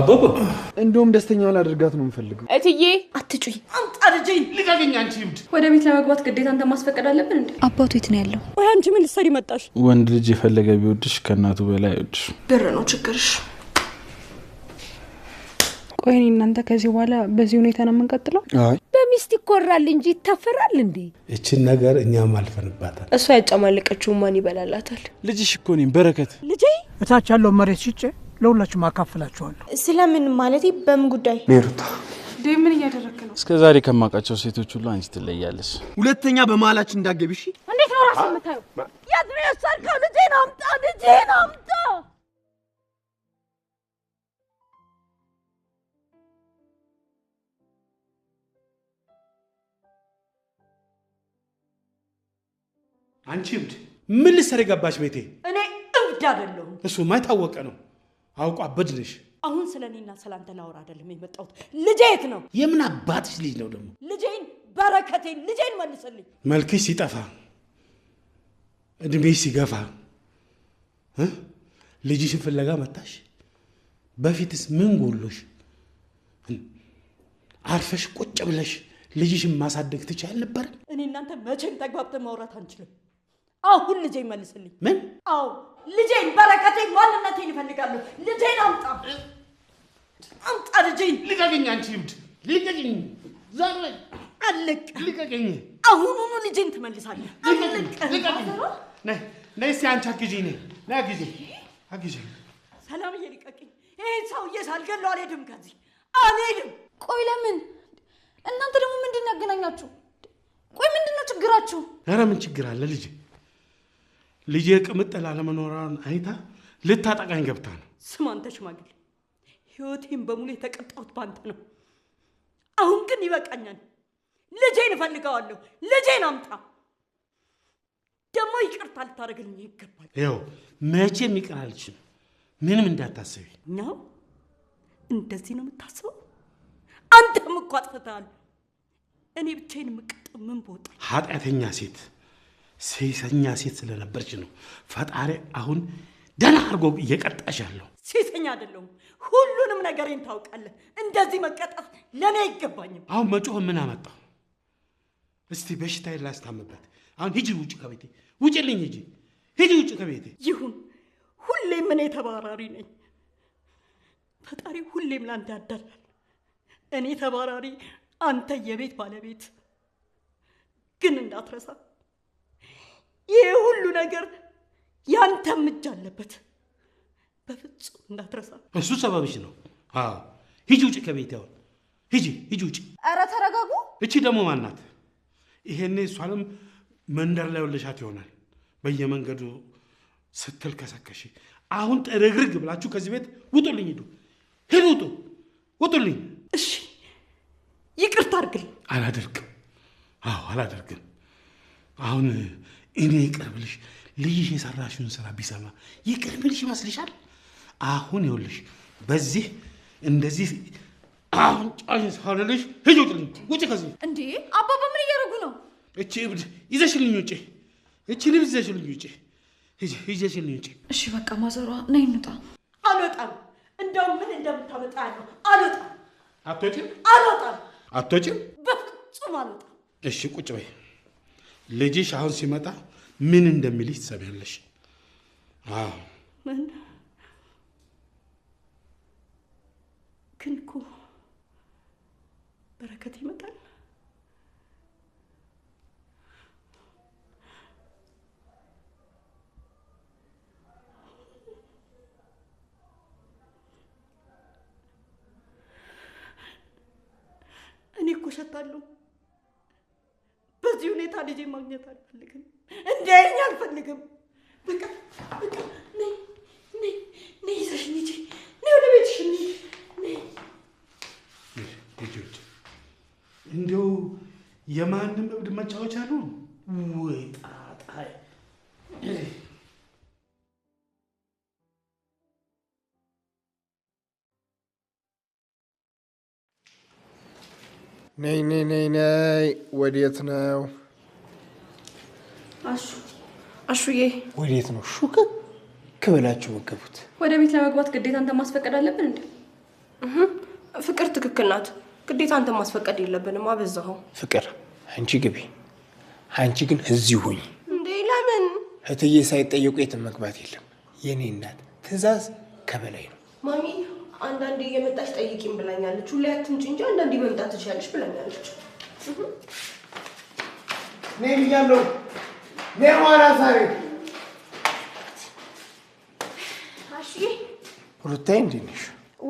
አባባ እንደውም ደስተኛ አድርጋት ነው የምፈልገው። እትዬ አትጩይ። አምጣ ልጄን አንቺ ይምድ ወደ ቤት ለመግባት ግዴታ አንተ ማስፈቀድ አለብን እንዴ? አባቱ የት ነው ያለው? ወይ አንቺ ምን ልትሰሪ መጣሽ? ወንድ ልጅ የፈለገ ቢወድሽ ከእናቱ በላይ አይወድሽ። ብር ነው ችግርሽ። ቆይ እኔ እናንተ ከዚህ በኋላ በዚህ ሁኔታ ነው የምንቀጥለው? አይ በሚስት ይኮራል እንጂ ይታፈራል እንዴ? እችን ነገር እኛም አልፈንባታል። እሷ ያጨማለቀችው ማን ይበላላታል? ልጅሽ እኮ እኔም በረከት ልጄ እታች ያለው መሬት ሽጬ ለሁላችሁም አካፍላችኋለሁ። ስለምን ማለት በምን ጉዳይ ቤሩታ ምን እያደረክ ነው? እስከ ዛሬ ከማውቃቸው ሴቶች ሁሉ አንቺ ትለያለሽ። ሁለተኛ በመሀላችን እንዳትገቢሽ። እንዴት ነው ራስ የምታዩ? የት ነው የወሰድከው? ልጄን አምጣ! ልጄን አምጣ! አንቺ እብድ! ምን ልትሰሪ ገባሽ ቤቴ? እኔ እብድ አይደለሁም። እሱማ የታወቀ ነው። አውቋበድልሽ አሁን ስለ እኔና አንተ ላወራ አይደለም የመጣሁት። ልጄ የት ነው? የምን አባትሽ ልጅ ነው ደግሞ? ልጄን፣ በረከቴን፣ ልጄን መልስልኝ። መልክሽ ሲጠፋ እድሜሽ ሲገፋ ልጅሽን ፍለጋ መጣሽ። በፊትስ ምን ጎሎሽ? አርፈሽ ቁጭ ብለሽ ልጅሽን ማሳደግ ትችያል ነበር። እኔ እናንተ መቼም ተግባብተን ማውራት አንችልም። አሁን ልጄ መልስልኝ። ምን? አዎ ልጄን፣ በረከቴን፣ ማንነቴን ይፈልጋለሁ። ልጄን በረከቴን ማንነቴን ይፈልጋሉ ልጄን አምጣ ልጄን። ልቀቅኝ! አንቺ ይብድ፣ ልቀቅኝ! ዛሬ አልቅ፣ ልቀቅኝ! አሁኑኑ ልጄን ትመልሳለህ። ነይ እስኪ አንቺ አግዢ፣ ነይ ነይ፣ አግዢ፣ አግዢ። ሰላምዬ ልቀቅኝ! ይህን ሰውዬ ሳልገለው አልሄድም፣ ከዚህ አልሄድም። ቆይ ለምን? እናንተ ደግሞ ምንድን ነው ያገናኛችሁ? ቆይ ምንድን ነው ችግራችሁ? ኧረ ምን ችግር አለ ልጄ ልጄ ቅምጥል አለመኖሯን አይታ ልታጠቃኝ ገብታ ነው። ስም አንተ ሽማግሌ፣ ህይወቴን በሙሉ የተቀጣሁት በአንተ ነው። አሁን ግን ይበቃኛል። ልጄን እፈልገዋለሁ። ልጄን አምጣ። ደግሞ ይቅርታ ልታደርግልኝ ይገባል። ይኸው መቼም ይቅር አልችልም። ምንም እንዳታስቢ። እኛው እንደዚህ ነው የምታስበው? አንተም እኮ አጥፍተሃል። እኔ ብቻዬን ምቅጥ ምን ቦታ ኃጢአተኛ ሴት ሴሰኛ ሴት ስለነበርች ነው ፈጣሪ አሁን ደህና አድርጎ እየቀጣሽ ያለው። ሴሰኛ አይደለሁም። ሁሉንም ነገሬን ታውቃለህ። እንደዚህ መቀጣት ለእኔ አይገባኝም። አሁን መጮህ ምን አመጣው? እስቲ በሽታ ላስታምበት። አሁን ሂጂ፣ ውጭ ከቤቴ ውጭልኝ፣ ሂጂ፣ ሂጂ፣ ውጭ ከቤቴ ይሁን። ሁሌም እኔ ተባራሪ ነኝ። ፈጣሪ ሁሌም ለአንተ ያዳላል። እኔ ተባራሪ፣ አንተ የቤት ባለቤት። ግን እንዳትረሳ ይህ ሁሉ ነገር ያንተም እጅ አለበት። በፍጹም እንዳትረሳ። እሱ ሰበብሽ ነው። ሂጂ ውጭ ከቤት ያው ሂጂ፣ ሂጂ ውጭ። ኧረ ተረጋጉ። እቺ ደግሞ ማናት? ይሄኔ እሷንም መንደር ላይ ወለሻት ይሆናል በየመንገዱ ስትል ከሰከሽ። አሁን ጥርግርግ ብላችሁ ከዚህ ቤት ውጡልኝ፣ ሂዱ፣ ሂዱ፣ ውጡ፣ ውጡልኝ። እሺ ይቅርታ አድርግልኝ። አላደርግም። አዎ አላደርግም። አሁን እኔ ይቅር ብልሽ ልጅሽ የሰራሽውን ስራ ቢሰማ ይቅር ብልሽ ይመስልሻል? አሁን ይኸውልሽ በዚህ እንደዚህ አሁን ጫሽ ሳለልሽ ሂጅ፣ ውጭልኝ፣ ውጭ ከዚህ። እንዴ አባባ ምን እያደረጉ ነው? እቺ እብድ ይዘሽልኝ ውጭ፣ እቺ ልብ ይዘሽልኝ ውጭ፣ ይዘሽልኝ ውጭ። እሺ በቃ ማዘሯ ነይ እንውጣ። አልወጣም። እንደውም ምን እንደምታመጣ ያለው አልወጣም። አትወጪም? አልወጣም። አትወጪም? በፍጹም አልወጣም። እሺ ቁጭ በይ። ልጅሽ አሁን ሲመጣ ምን እንደሚልሽ ትሰሚያለሽ። ግን በረከት ይመጣል። እኔ እኮ እሸታለሁ። ልጄ ማግኘት አልፈልግም። እንዲያየኝ አልፈልግም። በቃ በቃ ነይ ወደ የማንም እብድ መጫወቻ ነው ወይ ጣጣ ነይ ነይ ነይ ነይ፣ ወዴት ነው? አሹዬ ወዴት ነው? ሹክ ክበላችሁ መገቡት። ወደ ቤት ለመግባት ግዴታ አንተ ማስፈቀድ አለብን እንዴ? ፍቅር ትክክል ናት። ግዴታ አንተ ማስፈቀድ የለብንም። አበዛኸው። ፍቅር አንቺ ግቢ፣ አንቺ ግን እዚህ ሁኝ። እንዴ ለምን? እትዬ ሳይጠየቁ የትም መግባት የለም። የኔ እናት ትዕዛዝ ከበላይ ነው። ማሚ አንዳንዴ እየመጣች ጠይቂም ብላኛለች። ሁሌ እንጂ አንዳንዴ መምጣት ትችያለሽ ብላኛለች። እኔ ብያለሁ ሩታዬ እንዴት ነሽ?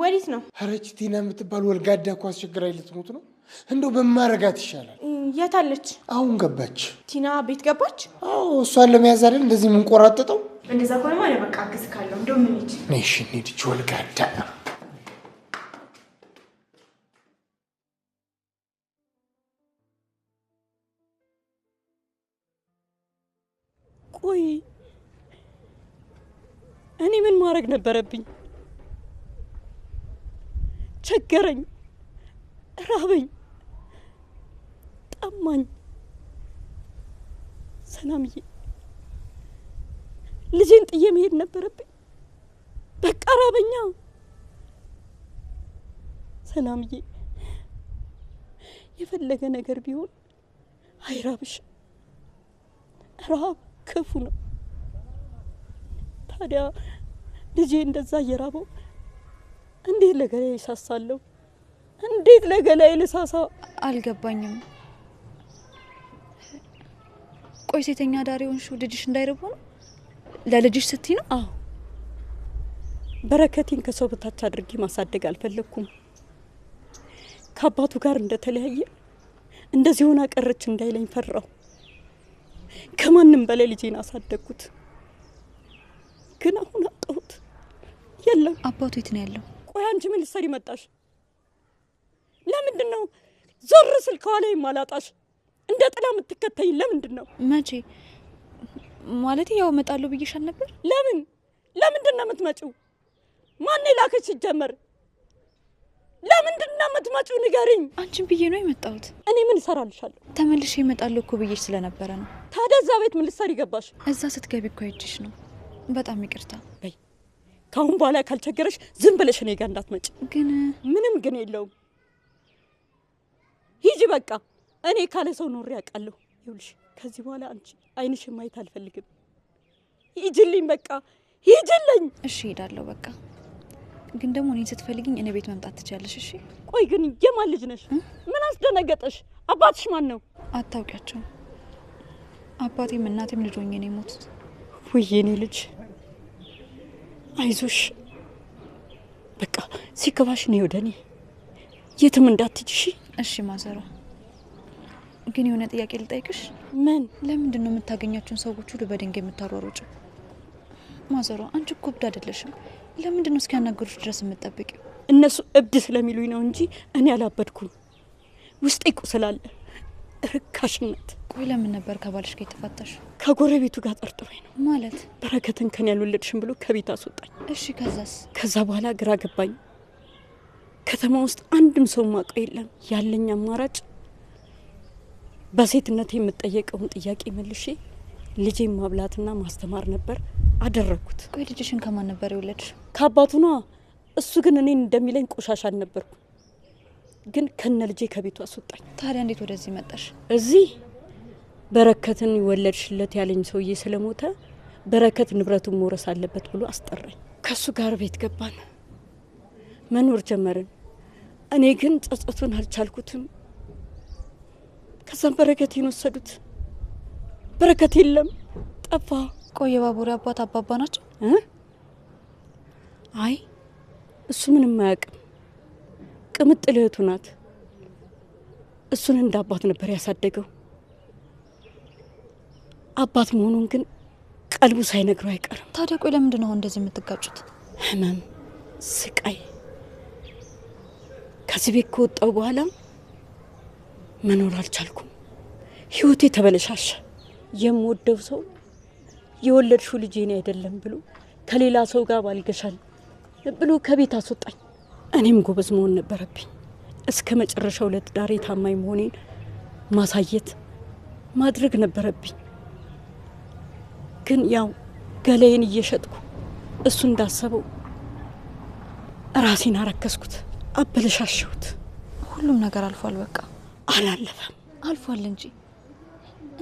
ወዴት ነው? ኧረ ይህች ቲና የምትባል ወልጋዳ እኮ አስቸግራኝ ልትሞት ነው። እንደው በማረጋት ይሻላል። የት አለች? አሁን ገባች። ቲና ቤት ገባች? አዎ፣ እሷን ለመያዝ አይደል እንደዚህ የምንቆራጠጠው? እንደዛ ከሆነማ በቃ አግዝ ካለው እንደው ምን ይች ነሽ? እንሂድ ወልጋዳ እኔ ምን ማድረግ ነበረብኝ? ቸገረኝ፣ ራበኝ፣ ጠማኝ። ሰላምዬ ልጄን ጥዬ መሄድ ነበረብኝ። በቃ ራበኛ። ሰላምዬ የፈለገ ነገር ቢሆን አይራብሽ። ራብ ክፉ ነው። ታዲያ ልጄ እንደዛ እየራበው እንዴት ለገላይ ይሳሳለሁ? እንዴት ለገላይ ልሳሳ? አልገባኝም። ቆይ ሴተኛ ዳሪ ሆንሽው ልጅሽ እንዳይርቦ ነው? ለልጅሽ ስትይ ነው? አዎ። በረከቴን ከሰው በታች አድርጌ ማሳደግ አልፈለግኩም። ከአባቱ ጋር እንደተለያየ እንደዚህ ሆና ቀረች እንዳይለኝ ፈራው። ከማንም በላይ ልጄን አሳደግኩት። ግን አሁን አጣሁት። የለም አባቱ የት ነው ያለው? ቆይ አንቺ ምን ልትሰሪ መጣሽ? ለምንድን ነው ዞር ስል ከኋላ ማላጣሽ እንደ ጥላ የምትከተኝ ለምንድን ነው? መቼ ማለት ያው እመጣለሁ ብዬሻል ነበር። ለምን ለምንድን ነው የምትመጪው? ማን ላከች? ሲጀመር ለምንድን ነው የምትመጪው? ንገሪኝ። አንቺን ብዬ ነው የመጣሁት። እኔ ምን እሰራልሻለሁ? ተመልሼ እመጣለሁ እኮ ብዬሽ ስለነበረ ነው። ታዲያ እዛ ቤት ምን ልትሰሪ ገባሽ? እዛ ስትገቢ እኮ አይችሽ ነው በጣም ይቅርታ በይ። ከአሁን በኋላ ካልቸገረሽ ዝም ብለሽ እኔ ጋር እንዳትመጭ። ግን ምንም ግን የለውም። ሂጂ በቃ። እኔ ካለ ሰው ኖሬ አውቃለሁ። ይኸውልሽ ከዚህ በኋላ አንቺ አይንሽ ማየት አልፈልግም። ሂጅልኝ በቃ ሂጅልኝ እሺ ሄዳለሁ በቃ። ግን ደግሞ እኔን ስትፈልግኝ እኔ ቤት መምጣት ትችያለሽ። እሺ ቆይ ግን የማን ልጅ ነሽ? ምን አስደነገጠሽ? አባትሽ ማን ነው? አታውቂያቸው? አባቴም እናቴም ልጆኝ ሆኜ ነው የሞቱት። ውይ የኔ ልጅ አይዞሽ፣ በቃ ሲገባሽ ነው ወደ እኔ የትም እንዳትጅሽ። እሺ ማዘሯ፣ ግን የሆነ ጥያቄ ልጠይቅሽ። ምን? ለምንድን ነው የምታገኛቸውን ሰዎች ሁሉ በድንጋይ የምታሯሩጭው? ማዘሯ፣ አንቺ እኮ እብድ አይደለሽም። ለምንድን ነው እስኪያናገሩሽ ድረስ የምጠብቂው? እነሱ እብድ ስለሚሉኝ ነው እንጂ እኔ አላበድኩም። ውስጤ ቁስል ርካሽነት ቆይ ለምን ነበር ከባልሽ ጋር የተፋታሽ? ከጎረቤቱ ጋር ጠርጥሮኝ ነው ማለት። በረከትን ከኔ ያልወለድሽም ብሎ ከቤት አስወጣኝ። እሺ ከዛስ? ከዛ በኋላ ግራ ገባኝ። ከተማ ውስጥ አንድም ሰው ማውቀው የለም። ያለኝ አማራጭ በሴትነት የምጠየቀውን ጥያቄ መልሼ ልጄን ማብላትና ማስተማር ነበር። አደረግኩት። ቆይ ልጅሽን ከማን ነበር የወለድሽ? ከአባቱ ነዋ። እሱ ግን እኔን እንደሚለኝ ቆሻሻ አልነበርኩ። ግን ከነ ልጄ ከቤቱ አስወጣኝ። ታዲያ እንዴት ወደዚህ መጣሽ? እዚህ በረከትን ወለድሽለት ያለኝ ሰውዬ ስለሞተ በረከት ንብረቱን መውረስ አለበት ብሎ አስጠራኝ። ከእሱ ጋር ቤት ገባን፣ መኖር ጀመርን። እኔ ግን ጸጸቱን አልቻልኩትም። ከዛም በረከቴን ወሰዱት። በረከት የለም ጠፋ። ቆየ ባቡሪ አባት አባባ ናቸው? አይ እሱ ምንም አያውቅም። ቅምጥ እህቱ ናት። እሱን እንደ አባት ነበር ያሳደገው። አባት መሆኑን ግን ቀልቡ ሳይነግረው አይቀርም። ታዲያ ቆይ ለምንድን ነው እንደዚህ የምትጋጩት? ህመም፣ ስቃይ። ከዚህ ቤት ከወጣው በኋላ መኖር አልቻልኩም። ህይወቴ ተበለሻሸ። የምወደው ሰው የወለድሽው ልጄን አይደለም ብሎ ከሌላ ሰው ጋር ባልገሻል ብሎ ከቤት አስወጣኝ። እኔም ጎበዝ መሆን ነበረብኝ። እስከ መጨረሻው ለትዳሬ ታማኝ መሆኔን ማሳየት ማድረግ ነበረብኝ። ግን ያው ገለይን እየሸጥኩ እሱ እንዳሰበው ራሴን አረከስኩት፣ አበለሻሸሁት። ሁሉም ነገር አልፏል። በቃ አላለፈም፣ አልፏል እንጂ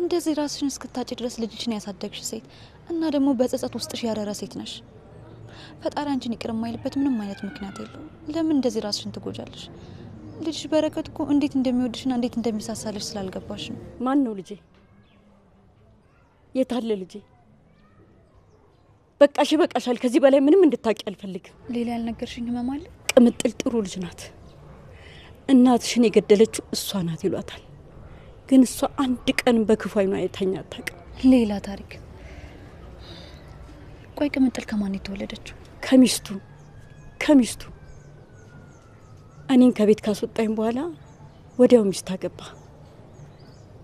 እንደዚህ ራስሽን እስክታጭ ድረስ ልጅሽን ያሳደግሽ ሴት እና ደግሞ በጸጸት ውስጥሽ ያረረ ሴት ነሽ። ፈጣሪ አንቺን ይቅር የማይልበት ምንም አይነት ምክንያት የለውም። ለምን እንደዚህ ራስሽን ትጎጃለሽ? ልጅሽ በረከት እኮ እንዴት እንደሚወድሽና እንዴት እንደሚሳሳልሽ ስላልገባሽ ነው። ማን ነው ልጄ? የታለ ልጄ? በቃሽ፣ በቃሻል። ከዚህ በላይ ምንም እንድታቂ አልፈልግም። ሌላ ያልነገርሽኝ ህመም አለ? ቅምጥል ጥሩ ልጅ ናት፣ እናትሽን የገደለችው እሷ ናት ይሏታል። ግን እሷ አንድ ቀን በክፉ አይኗ አይታኝ አታውቅም። ሌላ ታሪክ። ቆይ ቅምጥል ከማን የተወለደችው? ከሚስቱ ከሚስቱ። እኔን ከቤት ካስወጣኝ በኋላ ወዲያው ሚስት አገባ።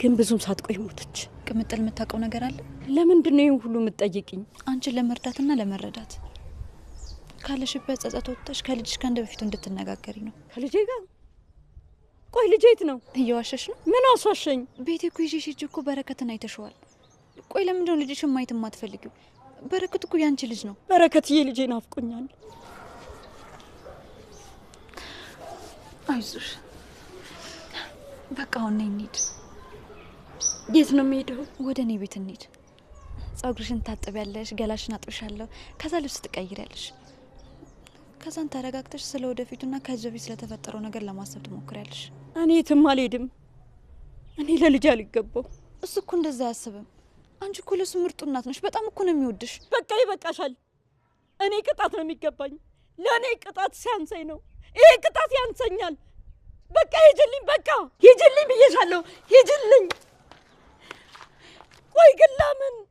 ግን ብዙም ሳትቆይ ሞተች። ቅምጥል የምታውቀው ነገር አለ? ለምንድን ነው ይህን ሁሉ የምትጠይቅኝ? አንቺን ለመርዳትና ለመረዳት ካለሽበት ጸጸት ወጥተሽ ከልጅሽ ጋር በፊት በፊቱ እንድትነጋገሪ ነው። ከልጄ ጋር? ቆይ ልጄ የት ነው? እየዋሸሽ ነው። ምን አስዋሸኝ? ቤቴ እኮ ይዤሽ ሂጅ እኮ በረከትን አይተሸዋል። ቆይ ለምንድን ነው ልጅሽን ማየት የማትፈልጊው? በረከት እኮ ያንቺ ልጅ ነው። በረከትዬ ልጄ ናፍቆኛል። አይዞሽ በቃ አሁን እንሂድ። የት ነው የሚሄደው? ወደ እኔ ቤት እንሂድ። ጸጉርሽን ታጥቢያለሽ፣ ገላሽን አጥብሻለሁ፣ ከዛ ልብስ ትቀይሪያለሽ። ከዛን ተረጋግተሽ ስለ ወደፊቱና ከዚህ በፊት ስለተፈጠረው ነገር ለማሰብ ትሞክሪያለሽ። እኔ የትም አልሄድም። እኔ ለልጅ አልገባው። እሱ እኮ እንደዛ አያስብም። አንቺ እኮ ለሱ ምርጡ እናት ነሽ። በጣም እኮ ነው የሚወድሽ። በቃ ይበቃሻል። እኔ ቅጣት ነው የሚገባኝ። ለእኔ ቅጣት ሲያንሰኝ ነው። ይሄ ቅጣት ያንሰኛል። በቃ ሂጅልኝ፣ በቃ ሂጅልኝ ብዬሻለሁ። ሂጅልኝ ويقلا من